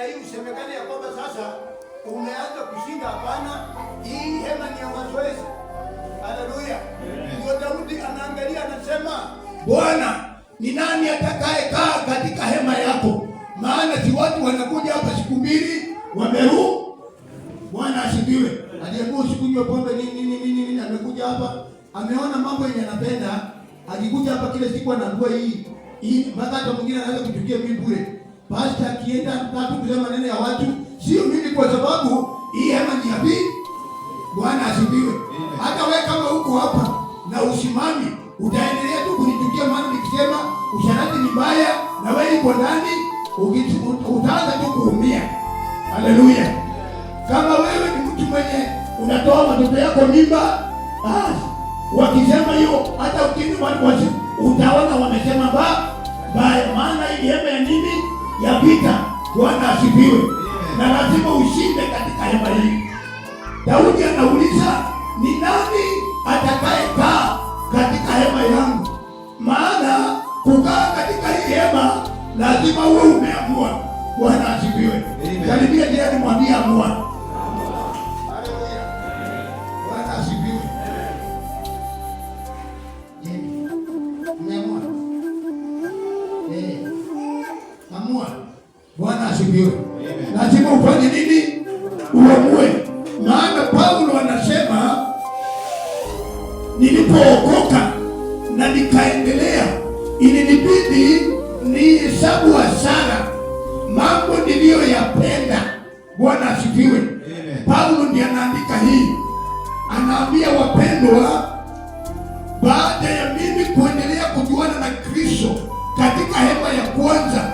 namna hii usemekane ya kwamba sasa umeanza kushinda. Hapana, hii hema ni ya mazoezi. Haleluya! Ndio Daudi anaangalia anasema, Bwana ni nani kaa katika hema yako? Maana si watu wanakuja hapa siku mbili wameru. Bwana asifiwe. Aliyekuwa sikunywa pombe nini nini nini, amekuja hapa ameona mambo yenye anapenda, akikuja hapa kile siku anaambua hii hii, mpaka hata mwingine anaweza kutukia mimi bure basi akienda mtatu kusema maneno ya watu, sio mimi, kwa sababu hii hema ni yapi. Bwana asifiwe. Hata wewe kama uko hapa na usimami, utaendelea tu kunitukia, maana nikisema usharati ni mbaya na wewe uko ndani, utaanza tu kuumia. Haleluya! Kama wewe ni mtu mwenye unatoa watoto yako mimba, basi wakisema hiyo, hata ukienda utaona wamesema ba baya, maana hii hema ya nini? ya Bwana asifiwe. Na lazima ushinde katika hema hii. Daudi anauliza ni nani kaa katika hema yangu? Maana kukaa katika hii hema lazima uwe umeamua. Bwana asifiwe. Karibia jirani, mwambie amua. asifiwe. Lazima ufanye nini? Uamue. Maana Paulo anasema nilipookoka na nikaendelea, ilinibidi nihesabu hasara mambo niliyoyapenda. Bwana asifiwe. Paulo ndiye anaandika hii, anaambia wapendwa, baada ya mimi kuendelea kujuana na Kristo katika hema ya kwanza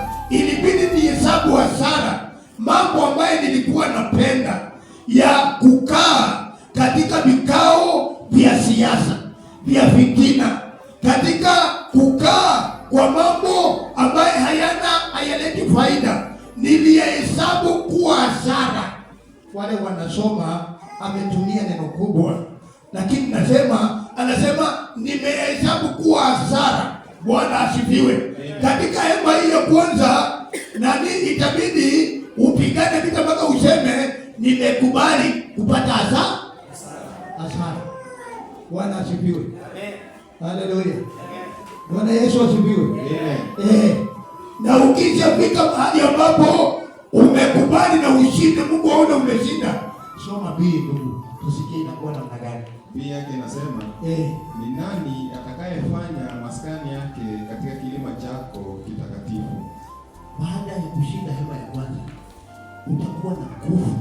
mambo ambayo nilikuwa napenda ya kukaa katika vikao vya siasa vya fitina, katika kukaa kwa mambo ambayo hayana hayaleti faida, niliyahesabu kuwa hasara. Wale wanasoma ametumia neno kubwa, lakini nasema anasema nimehesabu kuwa hasara. Bwana asifiwe. Katika hema hiyo kwanza, nani itabidi nimekubali kupata hasara. Bwana asifiwe. Haleluya. Bwana Yesu asifiwe. Eh, na ukishafika mahali ambapo umekubali na ushinde, Mungu aone umeshinda. Soma Biblia ndugu, tusikie inakuwa namna gani. Biblia yake inasema eh, ni nani atakayefanya maskani yake katika kilima chako kitakatifu? Baada ya kushinda hema ya kwanza utakuwa na nguvu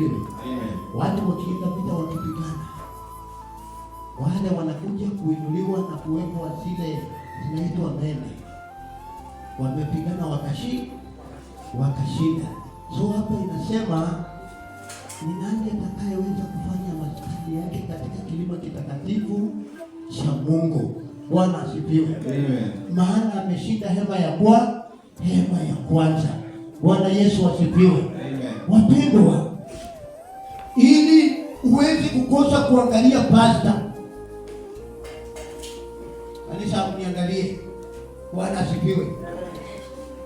Nafikiri watu wakienda vita wakipigana, wale wanakuja kuinuliwa na kuwekwa zile zinaitwa mene, wamepigana wakashi wakashinda. So hapa inasema ni nani atakayeweza kufanya maskani yake katika kilima kitakatifu cha Mungu? Bwana asifiwe, maana ameshinda hema ya kwa hema ya kwanza. Bwana Yesu asifiwe, wapendwa huwezi kukosa kuangalia pasta. Kanisa uniangalie, Bwana asifiwe.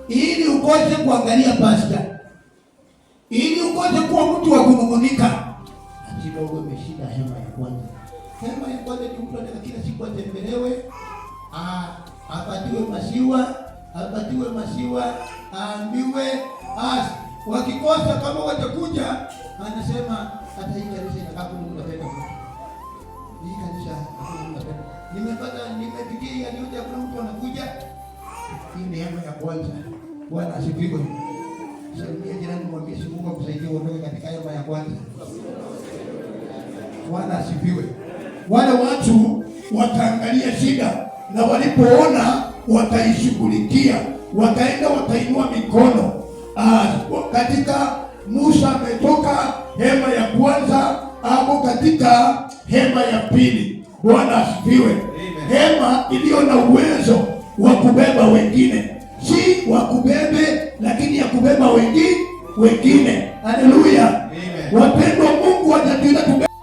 Ili ukose kuangalia pasta, ili ukose kuwa mtu wa kunungunika, lazima uwe umeshinda hema ya kwanza. Hema ya kwanza ni mtu anataka kila siku atembelewe, apatiwe masiwa, apatiwe masiwa, aambiwe. Wakikosa kama watakuja, anasema hata hii kanisa inakaa kama Mungu anapenda. Hii kanisa hakuna Mungu anapenda. Nimepata nimepigia ya yote hakuna mtu anakuja. Hii neema ya kwanza. Bwana asifiwe. Salimia jirani mwambie si Mungu akusaidie uondoke katika hema ya kwanza. Bwana asifiwe. Wale watu wakaangalia shida na walipoona wataishughulikia, wakaenda wakainua mikono. Ah, katika Musa ametoka hema ya kwanza hapo katika hema ya pili. Bwana asifiwe. Hema iliyo na uwezo wa kubeba wengine, si wa kubebe, lakini ya kubeba wengi wengine. Haleluya wapendwa, Mungu atatwita kubeba